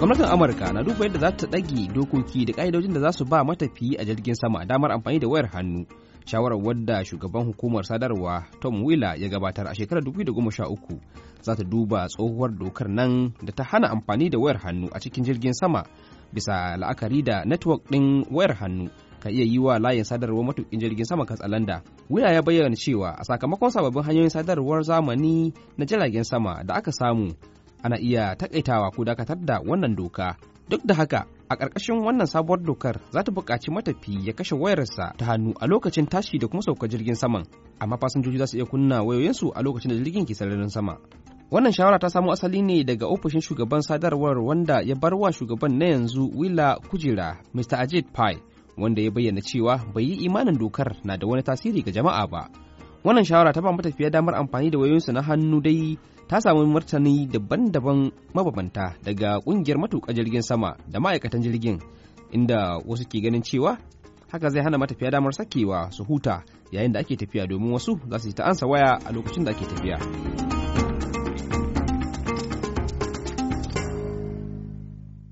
gwamnatin amurka na duba yadda za ta ɗage dokoki da ƙa'idojin da za su ba matafiyi a jirgin sama damar amfani da wayar hannu shawarar wadda shugaban hukumar sadarwa tom wheeler ya gabatar a shekarar 2013 za ta duba tsohuwar dokar nan da ta hana amfani da wayar hannu a cikin jirgin sama bisa la'akari da network ɗin wayar hannu ka iya yi wa layin sadarwar matukin jirgin sama katsalanda wila ya bayyana cewa a sakamakon sababbin hanyoyin sadarwar zamani na jiragen sama da aka samu ana iya takaitawa ko dakatar da wannan doka duk da haka a ƙarƙashin wannan sabuwar dokar za ta buƙaci matafi ya kashe wayarsa ta hannu a lokacin tashi da kuma sauka jirgin saman amma fasinjoji za su iya kunna wayoyinsu a lokacin da jirgin ke sararin sama wannan shawara ta samo asali ne daga ofishin shugaban sadarwar wanda ya bar wa shugaban na yanzu Willa kujera mr ajit pai wanda ya bayyana cewa bai yi imanin dokar na da wani tasiri ga jama'a ba wannan shawara ta ba matafiya damar amfani da wayoyinsu na hannu dai ta samu martani daban-daban mababanta daga kungiyar matuƙa jirgin sama da ma'aikatan jirgin inda wasu ke ganin cewa haka zai hana matafiya damar sakewa su huta yayin da ake tafiya domin wasu za su yi ta ansa waya a lokacin da ake tafiya.